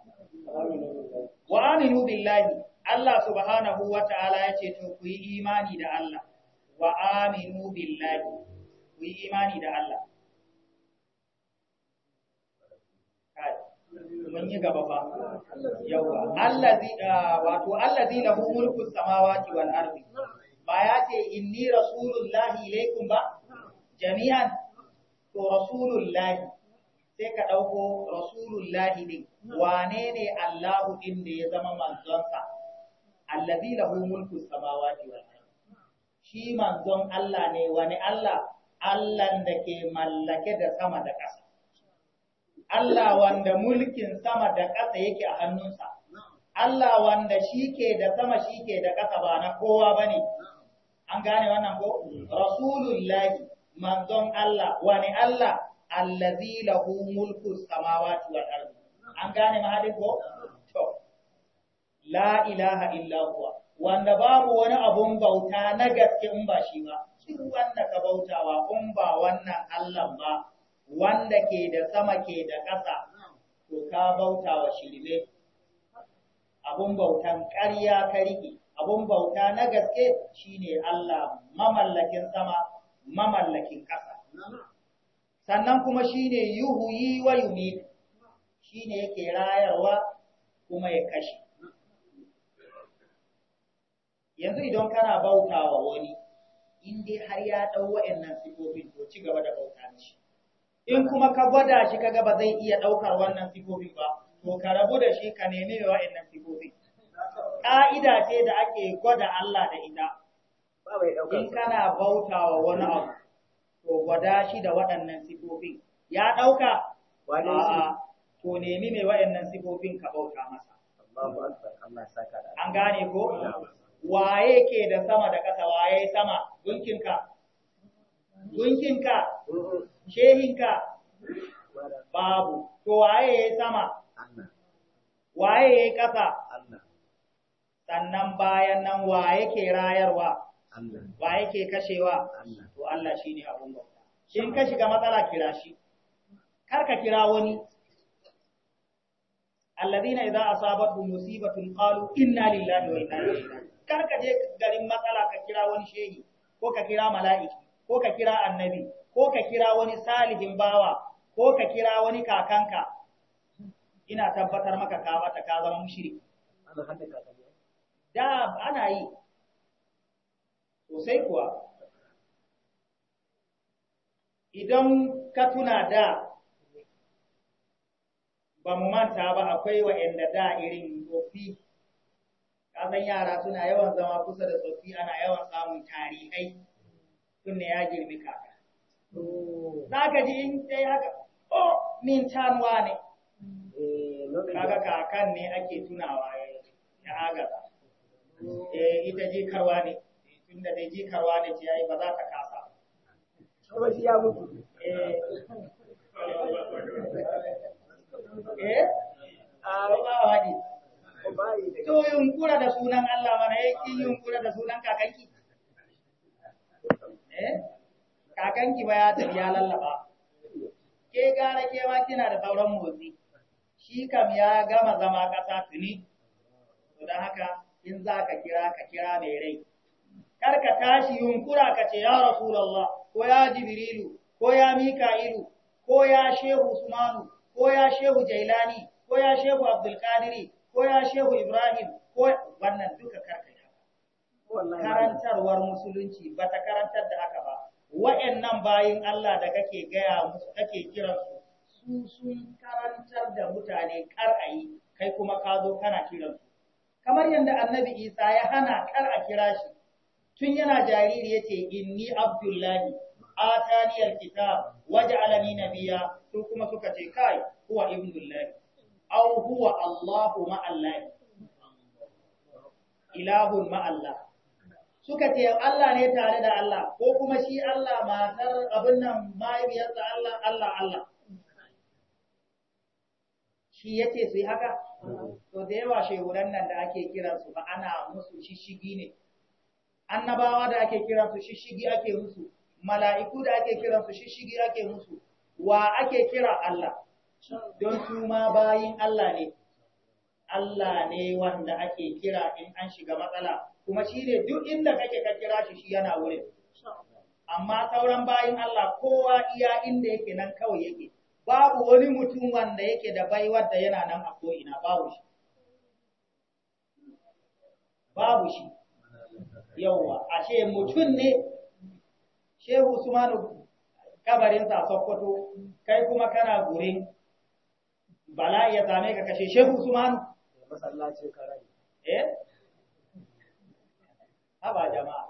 wa aminu billahi Allah subhanahu wa ta'ala ya ce to ku yi imani da Allah wa aminu billahi ku yi imani da Allah mun yi gaba ba, yawa allazi wato allazi lahu mulku samawati wal ardi ba ya ce inni rasulullahi ilaikum ba jami'an to rasulullahi sai ka dauko rasulullahi ne, wane ne Allahu din da ya zama manzonsa allazi lahu mulku samawati wal ardi shi manzon Allah ne wani Allah Allah da ke mallake da sama da ƙasa Allah wanda mulkin sama da ƙasa yake a hannunsa, Allah wanda shi ke da sama shi ke da ƙasa ba na kowa ba ne, an gane wannan ko? Rasulullahi, manzon Allah, wani Allah, allazi lahu mulku samawati wa ardi. An gane mahadin ko? To, la ilaha illa huwa, wanda babu wani abun bauta na gaske in ba shi ba, shi wanda ka bautawa in ba wannan Allah ba, wanda ke da sama ke da ƙasa, to ka bauta wa shirme, abun bautan ƙarya ka riƙe, abun bauta na gaske shine Allah mamallakin sama, mamallakin ƙasa. Sannan kuma shine yuhuyi wa yumi, shine yake rayarwa kuma ya kashe. Yanzu idan kana bauta wa wani, in dai har ya ɗau wa'annan sifofin to ci gaba da bauta shi. in kuma ka gwada shi kaga ba zai iya ɗaukar wannan sifofin ba to ka rabu da shi ka nemi wa wa'annan sifofin ƙa'ida ce da ake gwada Allah da ita in kana bautawa wani abu to gwada shi da waɗannan sifofin ya ɗauka a'a to nemi mai wa'annan sifofin ka bauta masa an gane ko waye ke da sama da ƙasa waye sama ka Dunkinka, shehinka, babu, to waye ya sama, waye ya ƙasa, sannan bayan nan waye ke rayarwa, waye ke kashewa, to Allah shi ne abin bauta. Shin ka shiga matsala kira shi, kar ka kira wani. Allazina idza asabatu musibatun qalu inna lillahi wa inna ilaihi raji'un. Kar ka je garin matsala ka kira wani shehi ko ka kira mala'iki. ko ka kira annabi ko ka kira wani salihin bawa ko ka kira wani kakanka ina tabbatar maka ka bata ka zama mushriki da ana yi sosai kuwa idan ka tuna da ba mu manta ba akwai wa'anda da irin tsofi kasan yara suna yawan zama kusa da tsofi ana yawan samun tarihai tunda ya girmi kaka. Oh. Za ka ji in sai haka, o, oh, min canwa ne. Eh, Kaga kakan ne ake tunawa ya agaza. Eh, ita ji karwa ne, eh, tunda dai ji karwa ne ce yi ba za ta kasa. Kuma shi ya mutu. Eh, Allah eh? wadi. To yunkura da sunan Allah mana yake yunkura da sunan kakanki. Eh? kakanki ba ya tafi ya lallaba ke gara ke ma kina da sauran motsi shi kam ya gama zama kasa tuni to don haka in za ka kira ka kira mai rai kar ka tashi yunkura ka ce ya rasulallah ko ya jibrilu ko ya mika'ilu ko ya shehu usmanu ko ya shehu jailani ko ya shehu abdulkadiri ko ya shehu ibrahim ko wannan duka karka karantarwar musulunci ba ta karantar da haka ba wa'annan bayan Allah da kake gaya musu kake kiran su su sun karantar da mutane kar a yi kai kuma ka zo kana kiran su kamar yadda annabi Isa ya hana kar a kira shi tun yana jariri yace inni abdullahi atani alkitab waj'alani nabiya su kuma suka ce kai huwa ibnullahi aw huwa Allahu ma'allahi ilahun ma'allah suka ce Allah ne tare da Allah ko kuma shi Allah matar abin nan mahaifiyarsa Allah Allah Allah shi ya ce su yi haka to da yawa shehuran nan da ake kiransu ba ana musu shishigi ne annabawa da ake kiransu shishigi ake musu mala'iku da ake kiransu shishigi ake musu wa ake kira Allah don su ma bayin Allah ne Allah ne wanda ake kira in an shiga matsala kuma shi ne duk inda kake ka kira shi shi yana wurin amma sauran bayin Allah kowa iya inda yake nan kawai yake babu wani mutum wanda yake da baiwar da yana nan a ko'ina babu shi babu shi yawwa ashe mutum ne shehu usmanu kabarin sa sokoto kai kuma kana gurin bala'i ya same ka kashe shehu usmanu Masallaci karai eh haba jama'a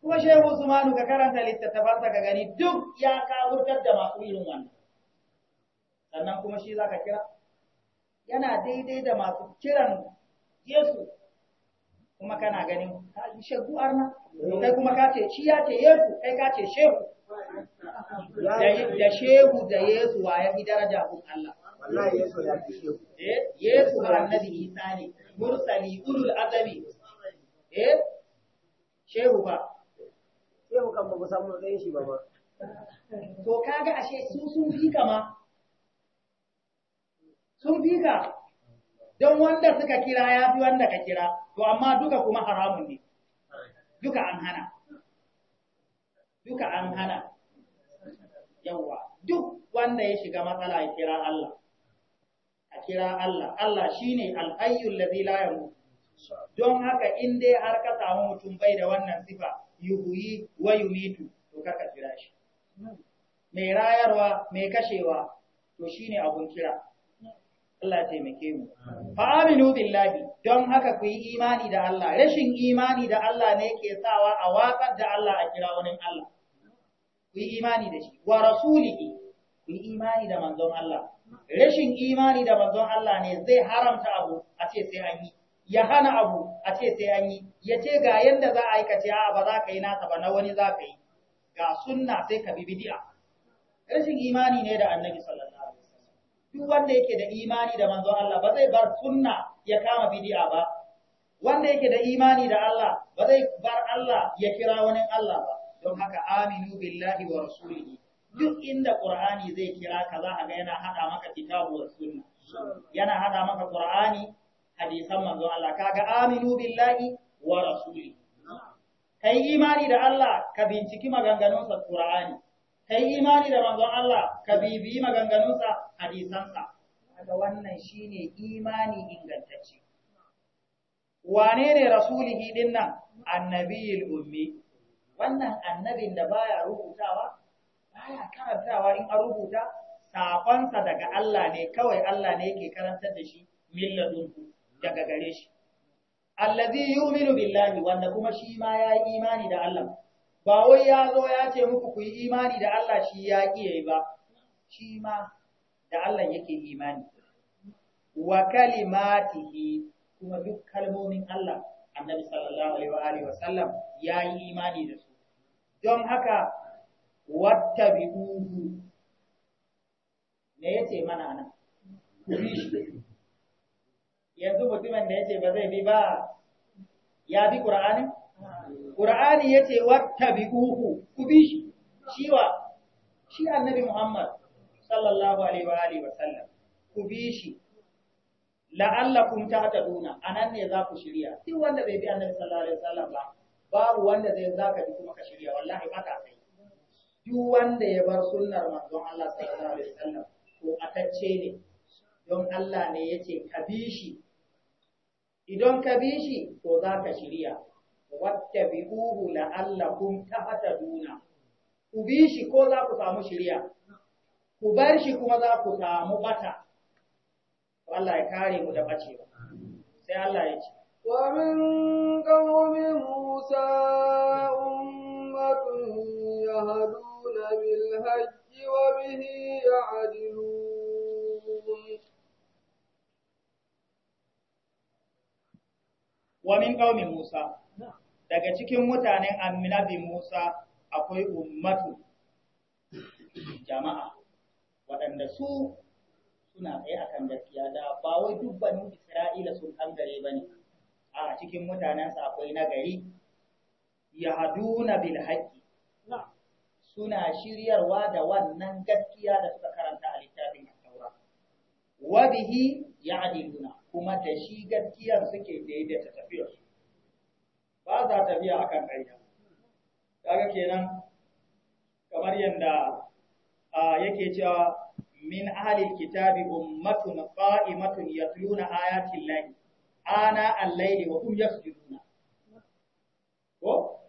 kuma shehu usmanu ka karanta littattafansa ka gani duk ya kawurtar da masu irin wannan sannan kuma shi zaka kira yana daidai da masu kiran yesu kuma kana ganin ka yi shehu arna kai kuma ka ce shi ya ce yesu kai ka ce shehu da shehu da yesu wa ya fi daraja kun Allah wallahi yesu ya fi shehu eh, yesu annabi isa ne mursali ulul azami eh shehu ba shehu kan ba samu san matsayin shi ba ba to kaga ashe su sun fi kama sun fi ka don wanda suka kira ya fi wanda ka kira to amma duka kuma haramun ne duka an hana duka an hana yawa duk wanda ya shiga matsala ya kira Allah a kira Allah Allah shine al-hayyul ladzi la yamut don haka in dai har ka samu mutum bai da wannan sifa yuhuyi wa yumitu to ka kira shi mai rayarwa mai kashewa to shine abun kira Allah taimake mu fa aminu billahi don haka ku yi imani da Allah rashin imani da Allah ne ke sawa a watsar da Allah a kira wani Allah ku yi imani da shi wa rasulihi ku yi imani da manzon Allah rashin imani da manzon Allah ne zai haramta abu a ce sai an yi ya hana abu a ce sai an yi ya ce ga yanda za a aikace a ba za ka yi nasa ba na wani za ka yi ga sunna sai ka bi bidi'a. rashin imani ne da annabi sallallahu alaihi wasallam duk wanda yake da imani da manzon Allah ba zai bar sunna ya kama bidi'a ba wanda yake da imani da Allah ba zai bar Allah ya kira wani Allah ba don haka aminu billahi wa rasulihi duk inda Qur'ani zai kira ka za a ga yana hada maka kitabu wa sunna yana hada maka Qur'ani hadisan manzo Allah kaga aminu billahi wa rasuli kai imani da Allah ka binciki maganganunsa Qur'ani kai imani da manzo Allah ka bibiyi maganganunsa hadisansa kaga wannan shine imani ingantacce wane ne rasulihi dinnan annabiyul ummi wannan annabin da baya rubutawa baya karantawa in a rubuta sakonsa daga Allah ne kawai Allah ne yake karantar da shi milladunku daga gare shi allazi yu'minu billahi wanda kuma shi ma ya yi imani da Allah ba wai ya zo ya ce muku ku yi imani da Allah shi ya kiye ba shi ma da Allah yake imani wa kalimatihi kuma duk kalmomin Allah annabi sallallahu alaihi wa alihi wa sallam ya yi imani da su don haka wattabi'uhu me yace mana nan. yanzu mutumin da yace ba zai bi ba ya bi Qur'ani Qur'ani yace wattabi'uhu ku bi shi shiwa shi annabi Muhammad sallallahu alaihi wa alihi wasallam ku bi shi la'allakum tahtaduna anan ne za ku shirya duk wanda bai bi annabi sallallahu alaihi wasallam ba babu wanda zai zaka bi kuma ka shirya wallahi mata sai duk wanda ya bar sunnar manzon Allah sallallahu alaihi wasallam ko atacce ne don Allah ne yace ka bi shi idan ka bi shi to za ka shirya wata ta hata duna ku bi shi ko za ku samu shirya ku bar shi kuma za ku samu bata Allah ya kare mu da ba, sai Allah ya ce wa min qawmi Musa ummatun yahduna bil hajji wa bihi ya'dilun wa min qaumi Musa daga cikin mutanen annabi Musa akwai ummatu jama'a waɗanda su suna tsaye akan gaskiya da ba wai dubbanin Isra'ila sun ba bane a cikin mutanensa akwai nagari Yahduna bil suna shiryarwa da wannan gaskiya da suka karanta a littafin Taura wa bihi ya'diluna kuma da shi gaskiyar suke daidaita su ba za biya a kan ƙarya daga kenan kamar yadda yake cewa min ahalil kitabi ummatun qa'imatun yatluna ayati llahi ana al-layli wa hum yasjuduna ko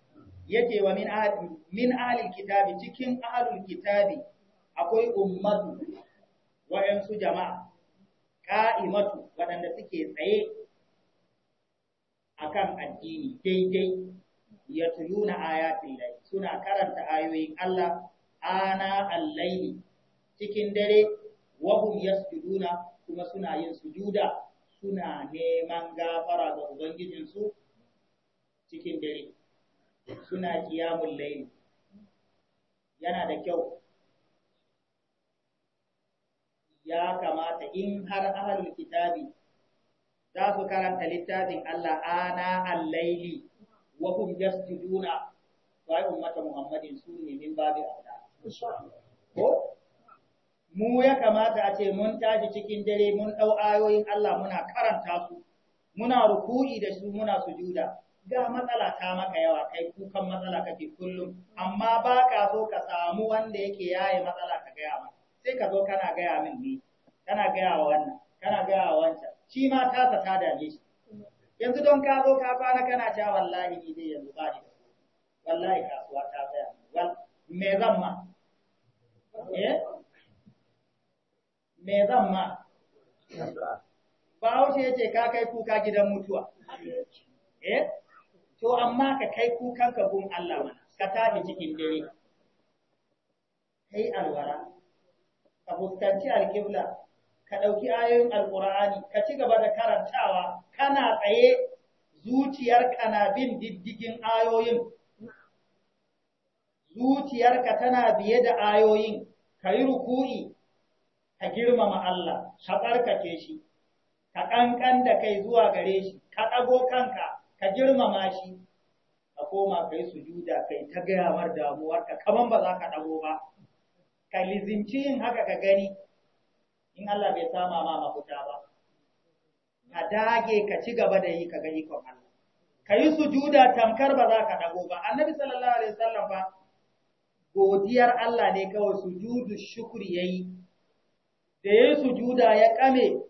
yake wa min ahad min ahalil kitabi cikin ahalul kitabi akwai ummatu 'yansu jama'a qa'imatu waɗanda suke tsaye a kan addini daidai tuluna ayatin lahi suna karanta ayoyin Allah ana al-laili cikin dare wa hum yasjuduna kuma suna yin sujuda suna neman gafara ga ubangijinsu cikin dare suna qiyamul layl yana da kyau ya kamata in har ahalul kitabi za su karanta littafin Allah ana al-laili wa hum yasjuduna sai ummatu Muhammadin su ne min babi Allah ko mu ya kamata a ce mun tafi cikin dare mun dau ayoyin Allah muna karanta su muna ruku'i da su muna sujuda ga matsala ta maka yawa kai kukan matsala kake kullum amma ba ka so ka samu wanda yake yaye matsala ka gaya maka sai ka zo kana gaya min ne kana gaya wa wannan kana gaya wa wancan shi ma tasa ta dame shi yanzu don ka zo ka fara kana cewa wallahi ni dai yanzu ba ni da wallahi kasuwa ta tsaya wal me zan ma eh me zan ma Bahaushe ya ce ka kai kuka gidan mutuwa. Eh? To amma ka kai kukan ka gun Allah mana, ka tafi cikin dare. Kai alwara, ka fuskanci alƙibla ka ɗauki ayoyin alƙur'ani ka ci gaba da karantawa kana tsaye zuciyarka na bin diddigin ayoyin zuciyarka tana biye da ayoyin ka yi ruku'i ka girmama Allah ka tsarkake shi ka ƙanƙan da kai zuwa gare shi ka ɗago kanka ka girmama shi ka koma ka yi sujuda kai ta gayamar damuwarka kaman ba za ka ɗago ba ka lizinci yin haka ka gani in Allah bai sama ma mafuta ba ka dage ka ci gaba da yi ka ga ikon Allah ka yi sujuda tamkar ba za ka dago ba annabi sallallahu alaihi wasallam ba godiyar Allah ne kawai sujudu shukri yi. da ya yayi sujuda ya kame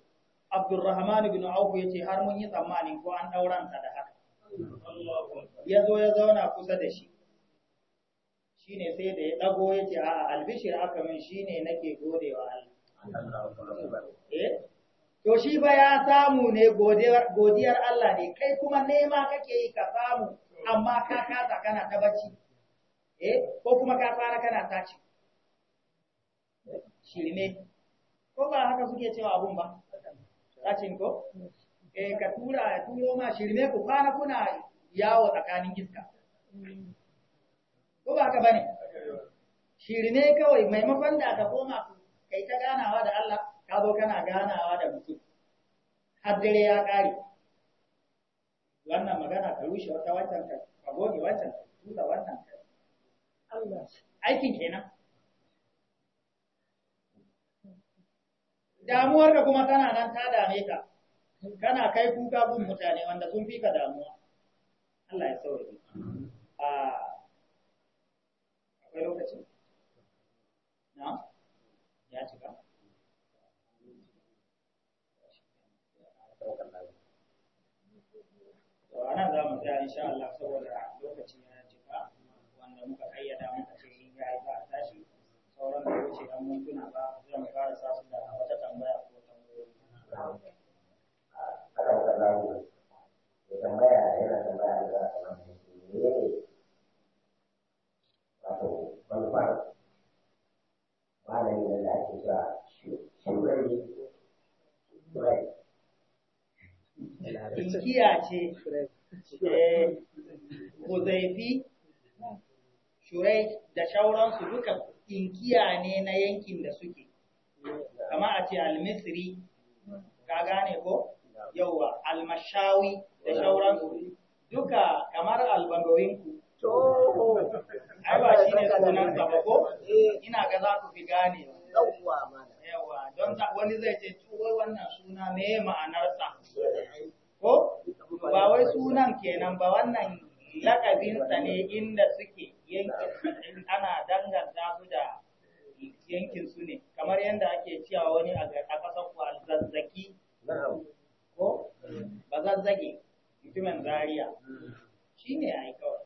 Abdurrahman bin Auf ce har mun yi tsammanin ko an dauran da haka ya zo ya zauna kusa da shi shine sai da ya dago ce a'a albishir aka min shine nake godewa Allah eh to shi ba ya samu ne godiyar Allah ne kai kuma nema kake yi ka samu amma ka kasa kana ta bacci eh ko kuma ka fara kana taci shirme ko ba haka suke cewa abun ba tacin ko eh ka tura turo ma shirme ku kana kuna yawo tsakanin iska ko ba ka bane ne kawai maimakon da ka koma kai ta ganawa da Allah ka zo kana ganawa da mutum har dare ya kare wannan magana ka rushe wata wancan ka goge wancan ka tuta wannan ka Allah aikin kenan damuwar ka kuma tana nan ta dame ka kana kai kuka gun mutane wanda sun fi ka damuwa Allah ya saurare a ah, akwai lokaci na ya cika to ana za mu tsaya insha Allah saboda lokaci ya cika wanda muka kayyada muka ce in ya yi ba a tashi sauran da wuce dan mun tuna ba zai mu fara sa su da wata tambaya ko tambayoyi tambaya yana tambaya da za a eh. manufar da Inkiya ce, eh, da duka inkiya ne na yankin da suke, kama a ce almisri, ka gane ko? Yauwa, almashawi da shauransu duka kamar albandorinku Ai ba shi ne sunan ba ko? Eh. Ina ga za ku fi gane. Yawwa don wani zai ce wai wannan suna me ma'anarsa. Ko? Ba wai sunan kenan ba wannan lakabinsa ne inda suke yankin ana danganta su da yankin su ne kamar yadda ake cewa wani a ƙasar ku zazzaki? ko ba zazzage mutumin zaria shine yi kawai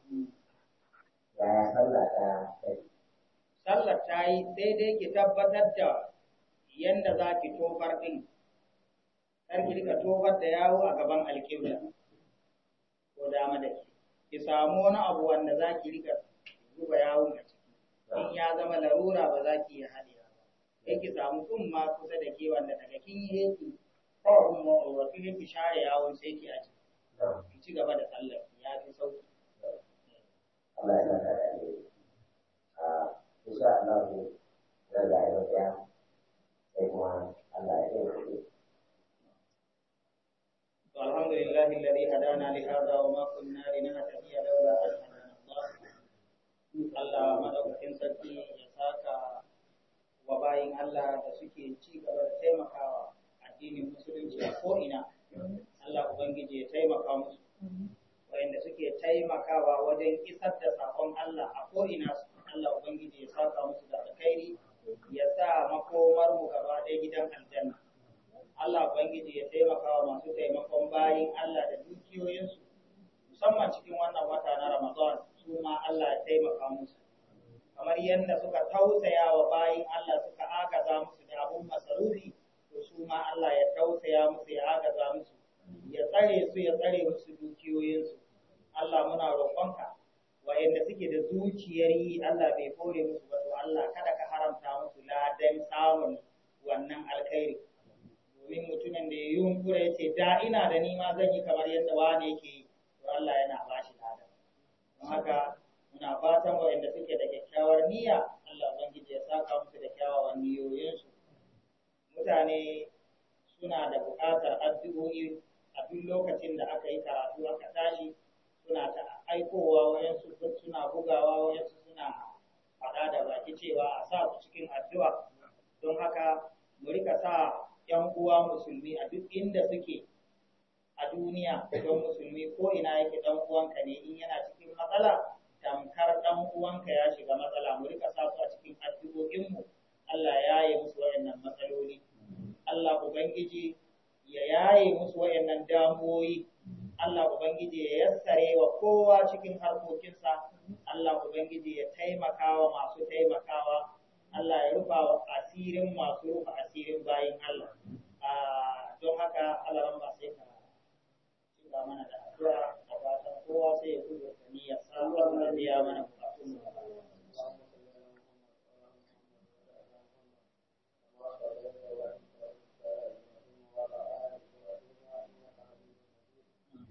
ta yi sai dai ki tabbatar da yanda za ki tofar ɗin kar ki rika tofar da yawo a gaban alƙibla ko dama da ke ki samu wani abu wanda za ki rika zuba yawon a ciki in ya zama larura ba za ki iya haɗewa ba sai ki samu ma kusa da ke wanda daga kin yi yaki ko in ma'auratu ne ki share yawon sai ki aji ki ci gaba da sallar ya fi sauki Allah ya insha Allah ne zan da ya tsaya sai kuma ya yi الحمد لله الذي هدانا لهذا وما كنا لنهتدي لولا أن هدانا الله Allah madaukakin sarki ya saka wa bayin Allah da suke ci gaba da taimakawa addinin musulunci a ko'ina Allah Ubangiji ya taimaka musu wayanda suke taimakawa wajen isar da sakon Allah a ko'ina Allah Ubangiji ya saka musu da alkhairi ya sa makomar mu gaba ɗaya gidan aljanna Allah Ubangiji ya taimaka wa masu taimakon bayin Allah da dukiyoyinsu musamman cikin wannan wata na Ramadan su ma Allah ya taimaka musu kamar yadda suka tausaya wa bayin Allah suka agaza musu da abun masarufi to su ma Allah ya tausaya musu ya agaza musu ya tsare su ya tsare musu dukiyoyinsu Allah muna roƙonka Wa'inda suke da zuciyar yi Allah bai kore musu ba to Allah kada ka haramta musu ladan samun wannan alkhairi domin mutumin da ya yi yunkura ce da ina da nima zan yi kamar yadda wani yake yi to Allah yana ba shi ladan don haka muna fatan wayanda suke da kyakkyawar niyya Allah ubangiji ya saka musu da kyawawan niyoyinsu mutane suna da buƙatar addu'o'i a duk lokacin da aka yi karatu aka tashi suna ta aikowa su suna bugawa su suna faɗa da baki cewa a sa su cikin addu'a don haka mu rika sa ‘yan uwa musulmi a duk inda suke a duniya don musulmi ko ina yake ɗan uwanka ne in yana cikin matsala tamkar ɗan uwanka ya shiga matsala mu rika sa su a cikin addu'o'inmu Allah ya yi musu waɗannan matsaloli Allah Ubangiji ya yaye musu wayannan damuwoyi Allah ubangiji ya yassare wa kowa cikin harkokinsa Allah ubangiji ya taimaka wa masu taimakawa Allah ya rufa wa asirin masu rufa asirin bayin Allah ah, don haka Allah ba sai ka ba mana da addu'a a fatan kowa sai ya kuzo niyyar sa Allah ya biya mana bukatun mu